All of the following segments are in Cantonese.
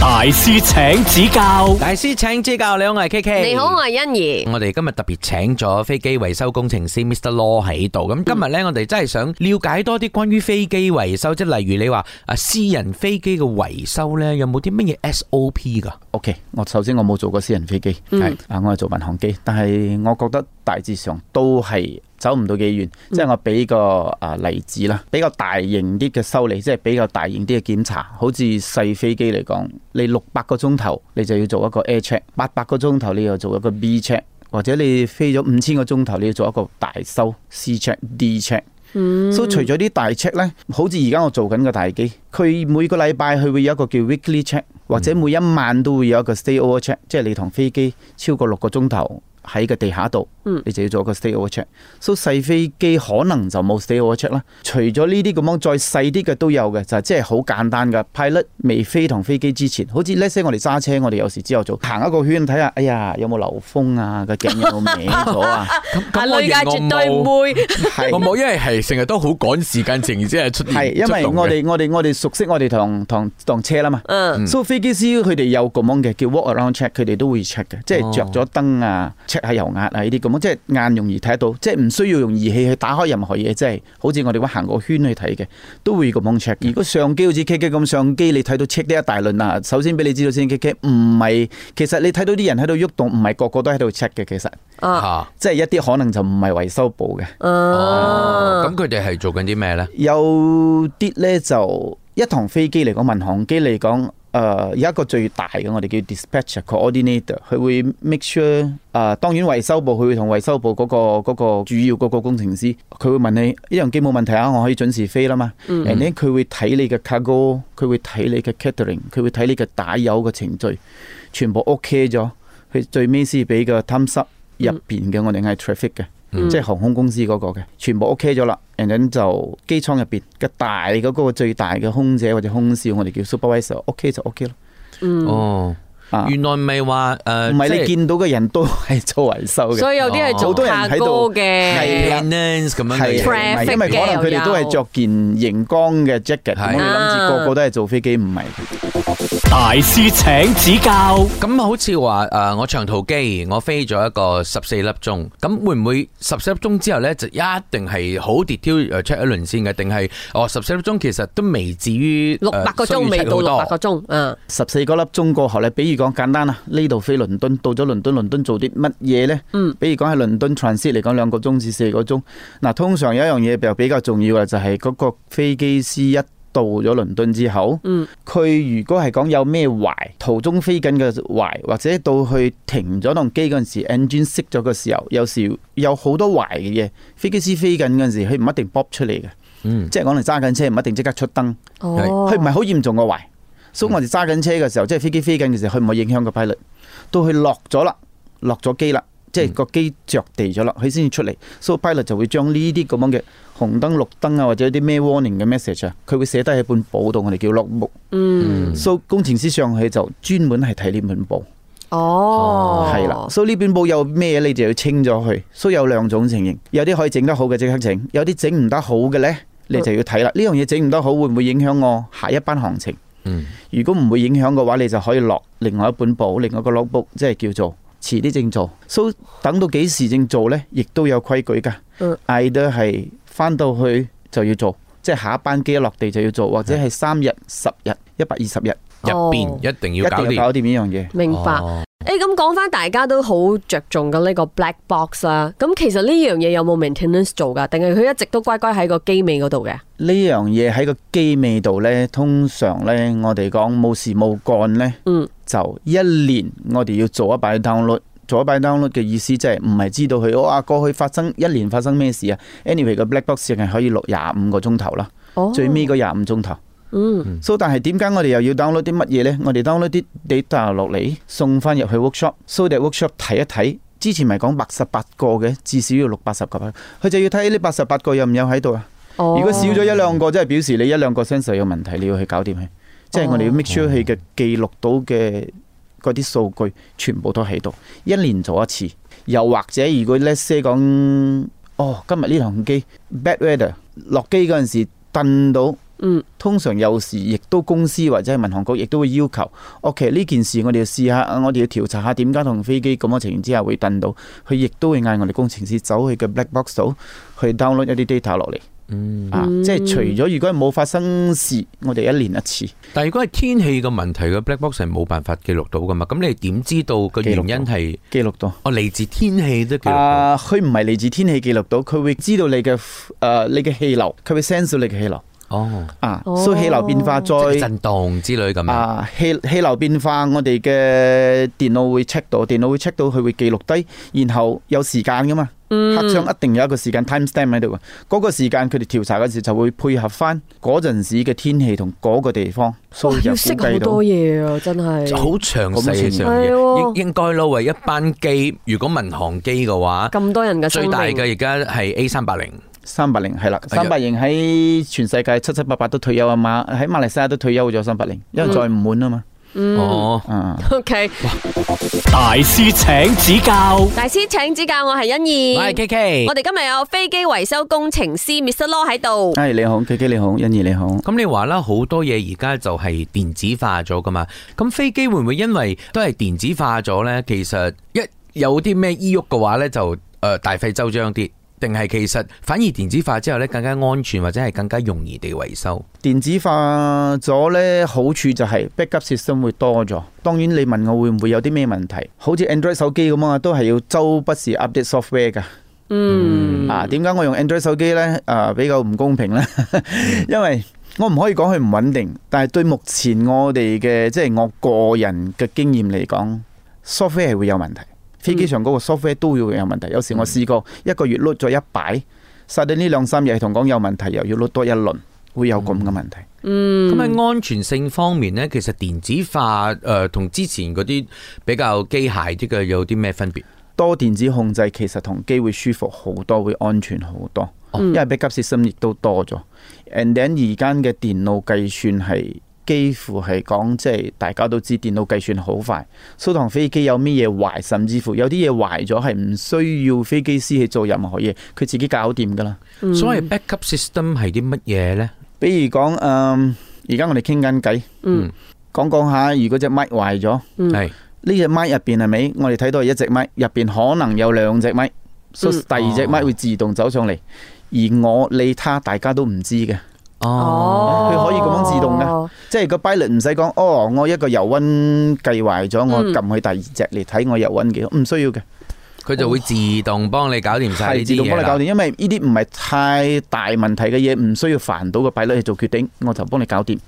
大師請指教，大師請指教。你好，我係 KK。你好，我係欣宜。我哋今日特別請咗飛機維修工程師 Mr. Loh 喺度。咁今日呢，我哋真係想了解多啲關於飛機維修，即係例如你話啊，私人飛機嘅維修呢，有冇啲乜嘢 SOP 㗎？OK，我首先我冇做過私人飛機，係啊，我係做民航機，但係我覺得。大致上都係走唔到幾遠，即、嗯、係、就是、我俾個啊例子啦，比較大型啲嘅修理，即、就、係、是、比較大型啲嘅檢查。好似細飛機嚟講，你六百個鐘頭你就要做一個 A Check，八百個鐘頭你要做一個 B Check，或者你飛咗五千個鐘頭你要做一個大修 C Check、D Check、嗯。所以除咗啲大 Check 呢，好似而家我在做緊嘅大機，佢每個禮拜佢會有一個叫 Weekly Check，或者每一晚都會有一個 Stay Over Check，即係你同飛機超過六個鐘頭。喺個地下度，你就要做個 stay over check，So 細、嗯、飛機可能就冇 stay over check 啦。除咗呢啲咁樣，再細啲嘅都有嘅，就係即係好簡單嘅。Pilot 未飛同飛機之前，好似呢些我哋揸車，我哋有時之後做行一個圈睇下，哎呀，有冇漏風啊？個鏡有冇歪咗啊， 啊？啊，我哋我冇，我、啊、冇，因為係成日都好趕時間，情節係出現，因為我哋 我哋我哋熟悉我哋同同當車啦嘛，嗯，所以飛機師佢哋有個咁嘅叫 walk around check，佢哋都會 check 嘅，即係着咗燈啊。check 下油壓啊呢啲咁樣，即係眼容易睇到，即係唔需要用儀器去打開任何嘢，即係好似我哋咁行個圈去睇嘅，都會咁樣 check。如果相機好似 K K 咁相機，你睇到 check 呢一大輪啊，首先俾你知道先，K K 唔係，其實你睇到啲人喺度喐動，唔係個個都喺度 check 嘅，其實啊，即係一啲可能就唔係維修部嘅。哦、啊，咁佢哋係做緊啲咩咧？有啲咧就一堂飛機嚟講，民航機嚟講。誒、uh, 有一個最大嘅，我哋叫 dispatcher coordinator，佢會 make sure 誒、uh,，當然維修部佢會同維修部嗰、那個那個主要嗰個工程師，佢會問你一樣，機冇問題啊，我可以準時飛啦嘛。誒呢，佢會睇你嘅 cargo，佢會睇你嘅 catering，佢會睇你嘅打油嘅程序，全部 OK 咗，佢最尾先俾個 time slot 入邊嘅，mm -hmm. 我哋嗌 traffic 嘅。嗯、即係航空公司嗰個嘅，全部 OK 咗啦，and then 就機艙入邊嘅大嗰個最大嘅空姐或者空少，我哋叫 supervisor，OK 就 OK 咯。嗯。哦。原來唔係話誒，唔係你見到嘅人都係做維修嘅，所以有啲係做下哥嘅，係啦，係因為可能佢哋都係着件熒光嘅 jacket，我哋諗住個個都係做飛機，唔係。大師請指教，咁好似話誒，我長途機我飛咗一個十四粒鐘，咁會唔會十四粒鐘之後咧，就一定係好 detail check 一輪先嘅？定係哦，十四粒鐘其實都未至於六百個鐘，未到六百個鐘，嗯，十四嗰粒鐘過後咧，比如。你講簡單啦，呢度飛倫敦，到咗倫敦，倫敦做啲乜嘢呢？嗯，比如講喺倫敦 transit 嚟講，兩個鐘至四個鐘。嗱，通常有一樣嘢比較重要嘅，就係嗰個飛機師一到咗倫敦之後，嗯，佢如果係講有咩壞，途中飛緊嘅壞，或者到去停咗棟機嗰陣時，engine 熄咗嘅時候，有時有好多壞嘅嘢，飛機師飛緊嗰陣時，佢唔一定 pop 出嚟嘅，嗯，即係可能揸緊車，唔一定即刻出燈，哦，佢唔係好嚴重嘅壞。所以我哋揸緊車嘅時候，即係飛機飛緊嘅時候，佢唔會影響個 pilot。到佢落咗啦，落咗機啦，即係個機着地咗啦，佢先至出嚟。所以 pilot 就會將呢啲咁樣嘅紅燈、綠燈啊，或者啲咩 warning 嘅 message 啊，佢會寫低喺本簿度。我哋叫 log book。嗯。所以 so, 工程師上去就專門係睇呢本簿。哦。係啦，所以呢本簿有咩嘢，你就要清咗佢。所以有兩種情形，有啲可以整得好嘅即刻整，有啲整唔得好嘅呢，你就要睇啦。呢樣嘢整唔得好，會唔會影響我下一班行程？嗯，如果唔會影響嘅話，你就可以落另外一本簿，另外一個 notebook，即係叫做遲啲正做。So, 等到幾時正做呢？亦都有規矩噶。嗯，嗌都係翻到去就要做，即係下一班機一落地就要做，或者係三日、十日、一百二十日入邊一定要搞掂。一定搞掂呢樣嘢。明白。誒、哎，咁講翻，大家都好着重嘅呢個 black box 啦。咁其實呢樣嘢有冇 maintenance 做噶？定係佢一直都乖乖喺個機尾嗰度嘅？呢樣嘢喺個機尾度呢，通常呢，我哋講冇事冇幹呢，嗯，就一年我哋要做一擺 download，做一擺 download 嘅意思即係唔係知道佢哦，啊過去發生一年發生咩事啊？anyway 個 black box 係可以錄廿五個鐘頭啦，哦、最尾個廿五鐘頭。嗯，so，但係點解我哋又要 download 啲乜嘢呢？我哋 download 啲 data 落嚟，送翻入去 workshop，So that workshop 睇、so、一睇。之前咪講八十八個嘅，至少要六八十個。佢就要睇呢八十八個有唔有喺度啊？如果少咗一兩個，即係表示你一兩個 sensor 有問題，你要去搞掂佢。即、哦、係、就是、我哋要 make sure 佢嘅記錄到嘅嗰啲數據，全部都喺度。一年做一次，又或者如果 let's say 講，哦，今日呢台機 bad weather 落機嗰陣時，頓到。嗯，通常有時亦都公司或者係民航局亦都會要求，OK，其實呢件事我哋要試下，我哋要調查下點解同飛機咁嘅情形之下會掟到，佢亦都會嗌我哋工程師走去嘅 black box 度去 download 一啲 data 落嚟。嗯，啊，嗯、即係除咗如果冇發生事，我哋一年一次。但係如果係天氣嘅問題嘅 black box 係冇辦法記錄到噶嘛？咁你點知道個原因係記錄到，到？哦，嚟自天氣都記錄。啊，佢唔係嚟自天氣記錄到，佢會知道你嘅誒、呃，你嘅氣流，佢會 sense 你嘅氣流。哦，啊，所以氣流變化再震動之類咁樣啊，氣氣流變化，我哋嘅電腦會 check 到，電腦會 check 到，佢會記錄低，然後有時間噶嘛，黑箱一定有一個時間 timestamp 喺度，嗰、嗰個時間佢哋調查嘅時就會配合翻嗰陣時嘅天氣同嗰個地方，所以入邊要識好多嘢啊，真係好詳細，唔係、啊、應該咯？為一班機，如果民航機嘅話，咁多人嘅，最大嘅而家係 A 三八零。三八零係啦，三八零喺全世界七七八八都退休啊，馬喺馬來西亞都退休咗三八零，因為再唔滿啊嘛。哦、嗯，嗯,嗯，O、okay、K，大師請指教，大師請指教，我係欣怡，係 K K，我哋今日有飛機維修工程師 Mr Loh 喺度。哎，你好，K K，你好，欣怡你好。咁你話啦，好多嘢而家就係電子化咗噶嘛？咁飛機會唔會因為都係電子化咗呢？其實一有啲咩嘢郁嘅話呢，就誒大費周章啲。定係其實反而電子化之後咧，更加安全或者係更加容易地維修。電子化咗咧，好處就係 backup system 會多咗。當然你問我會唔會有啲咩問題，好似 Android 手機咁啊，都係要周不時 update software 噶。嗯，啊，點解我用 Android 手機咧，啊比較唔公平咧？因為我唔可以講佢唔穩定，但係對目前我哋嘅即係我個人嘅經驗嚟講，software 係會有問題。飛機上嗰個 software 都要有問題，有時我試過一個月碌咗一擺，塞到呢兩三日同講有問題，又要碌多一輪，會有咁嘅問題。嗯，咁、嗯、喺安全性方面呢，其實電子化誒同、呃、之前嗰啲比較機械啲嘅有啲咩分別？多電子控制其實同機會舒服好多，會安全好多，因為 back up system 亦都多咗、嗯。And then 而家嘅電腦計算係。幾乎係講即係大家都知電腦計算好快，所以飛機有咩嘢壞，甚至乎有啲嘢壞咗係唔需要飛機師去做任何嘢，佢自己搞掂噶啦。所謂 backup system 係啲乜嘢呢？比如講，嗯，而家我哋傾緊偈，嗯，講講下，如果隻麥壞咗，係呢隻麥入邊係咪？我哋睇到係一隻麥入邊，面可能有兩隻麥，所以第二隻麥會自動走上嚟、嗯啊，而我你他大家都唔知嘅。哦，佢可以咁樣自動嘅，即係個 pilot 唔使講。哦，我一個油溫計壞咗，我撳去第二隻嚟睇我油溫幾多，唔需要嘅。佢就會自動幫你搞掂晒，哦，自動幫你搞掂，因為呢啲唔係太大問題嘅嘢，唔需要煩到個 pilot 去做決定，我就幫你搞掂。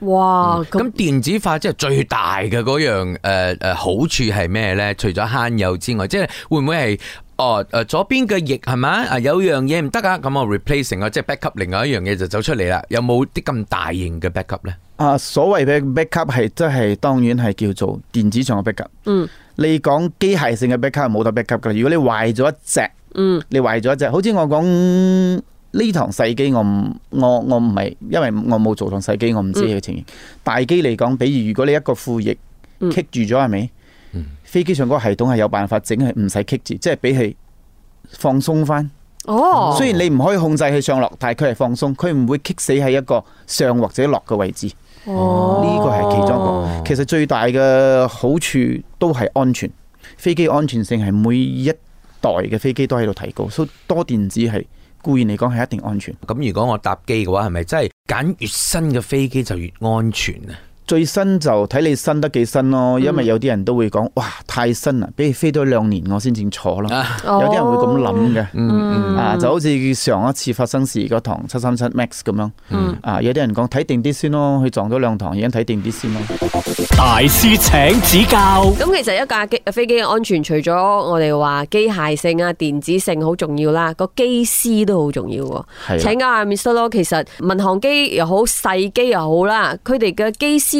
哇！咁，嗯，電子化即係最大嘅嗰樣誒誒好處係咩咧？除咗慳油之外，即係會唔會係？哦，誒，左邊嘅翼係咪？啊，有樣嘢唔得啊，咁我 replace 成個，即係 backup，另外一樣嘢就走出嚟啦。有冇啲咁大型嘅 backup 咧？啊，所謂嘅 backup 係即係當然係叫做電子上嘅 backup，嗯 back back。嗯，你講機械性嘅 backup 係冇得 backup 噶。如果你壞咗一隻，嗯，你壞咗一隻，好似我講呢台細機，我唔，我我唔係，因為我冇做台細機，我唔知佢情形。嗯，大機嚟講，比如如果你一個副翼棘住咗，係、嗯、咪？是嗯、飛機上嗰個系統係有辦法整，係唔使棘住，即係俾佢放鬆翻。哦，雖然你唔可以控制佢上落，但係佢係放鬆，佢唔會棘死喺一個上或者落嘅位置。哦，呢個係其中一個。哦、其實最大嘅好處都係安全。飛機安全性係每一代嘅飛機都喺度提高，所以多電子系固然嚟講係一定安全。咁如果我搭機嘅話，係咪真係揀越新嘅飛機就越安全啊？最新就睇你新得幾新咯，因為有啲人都會講，哇，太新啦，俾佢飛多兩年我先至坐啦。有啲人會咁諗嘅，啊就好似上一次發生事嗰趟七三七 Max 咁樣，啊有啲人講睇定啲先咯，佢撞咗兩趟已經睇定啲先咯。大師請指教。咁其實一架機飛機嘅安全，除咗我哋話機械性啊、電子性好重要啦，個機師都好重要喎。請教下 Mr. Loh，其實民航機又好細機又好啦，佢哋嘅機師。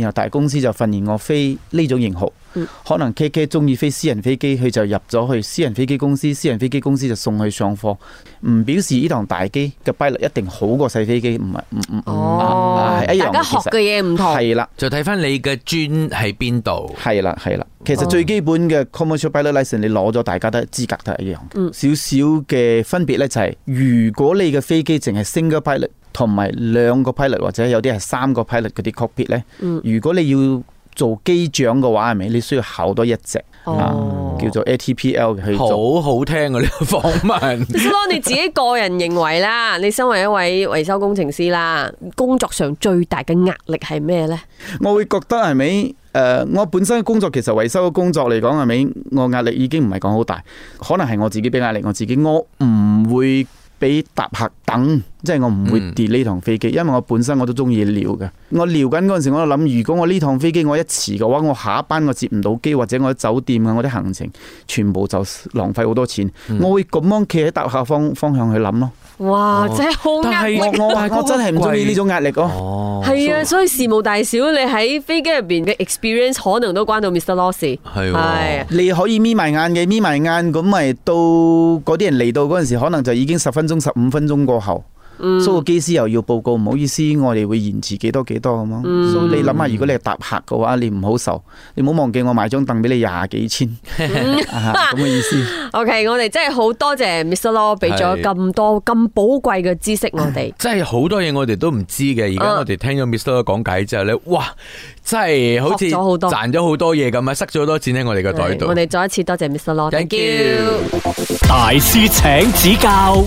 然後大公司就訓練我飛呢種型號，可能 K K 中意飛私人飛機，佢就入咗去私人飛機公司，私人飛機公司就送去上課。唔表示呢堂大機嘅比率一定好過細飛機，唔係唔唔，哦，係一樣的。大家學嘅嘢唔同，係啦，就睇翻你嘅專喺邊度。係啦係啦，其實最基本嘅 commercial pilot license 你攞咗，大家都資格都係一樣。少少嘅分別呢，就係、是，如果你嘅飛機淨係 single pilot，同埋兩個 pilot，或者有啲係三個 pilot 嗰啲 cockpit 咧。如果你要做機長嘅話，係咪你需要考多一隻、哦啊、叫做 ATPL 去？做？好，好聽啊！呢個訪問。咁咯，你自己個人認為啦。 你身為一位維修工程師啦，工作上最大嘅壓力係咩呢？我會覺得係咪？誒，uh, 我本身嘅工作其實維修嘅工作嚟講係咪？我壓力已經唔係講好大，可能係我自己俾壓力，我自己我唔會。俾搭客等，即係我唔會跌呢趟飛機。嗯，因為我本身我都中意聊嘅。我聊緊嗰陣時，我喺度諗，如果我呢趟飛機我一遲嘅話，我下一班我接唔到機，或者我喺酒店啊，我啲行程全部就浪費好多錢。嗯、我會咁樣企喺搭客方方向去諗咯。哇，哦、真係好壓力的，但係我我真係唔中意呢種壓力哦。哦係啊，所以事無大小，你喺飛機入邊嘅 experience 可能都關到 Mr. Loh 事。係，你可以眯埋眼嘅，眯埋眼咁咪到嗰啲人嚟到嗰陣時，可能就已經十分鐘、十五分鐘過後。蘇個機師又要報告，唔好意思，我哋會延遲幾多幾多少，好冇？所、mm、以 -hmm. 你諗下，如果你係搭客嘅話，你唔好受。你唔好忘記我買張凳俾你廿幾千，咁 嘅、 啊那個、意思。O、okay, K，我哋真係好多謝 Mr. Loh 俾咗咁多咁寶貴嘅知識我，嗯、我哋真係好多嘢，我哋都唔知嘅。而家我哋聽咗 Mr. Loh 講解之後咧，哇，真係好似賺咗好多嘢咁啊，塞咗好多錢喺我哋嘅袋度。我哋再一次多謝 Mr. Loh，Thank you. you，大師請指教。